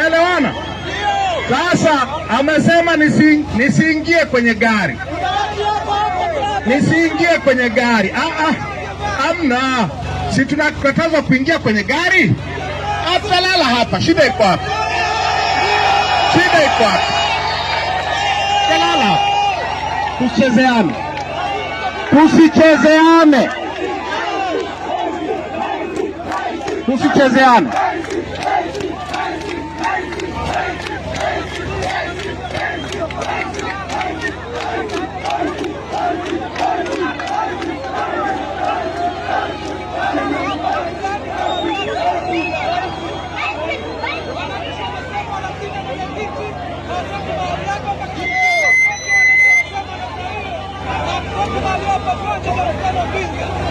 Tunaelewana? Sasa amesema nisi, nisiingie kwenye gari, nisiingie kwenye gari. Ah, ah, amna, si tunakatazwa kuingia kwenye gari? Atalala hapa, shida iko hapa, shida iko hapa, talala hapa, tusichezeane, tusichezeane, tusichezeane. ¡Vamos, vamos, vamos los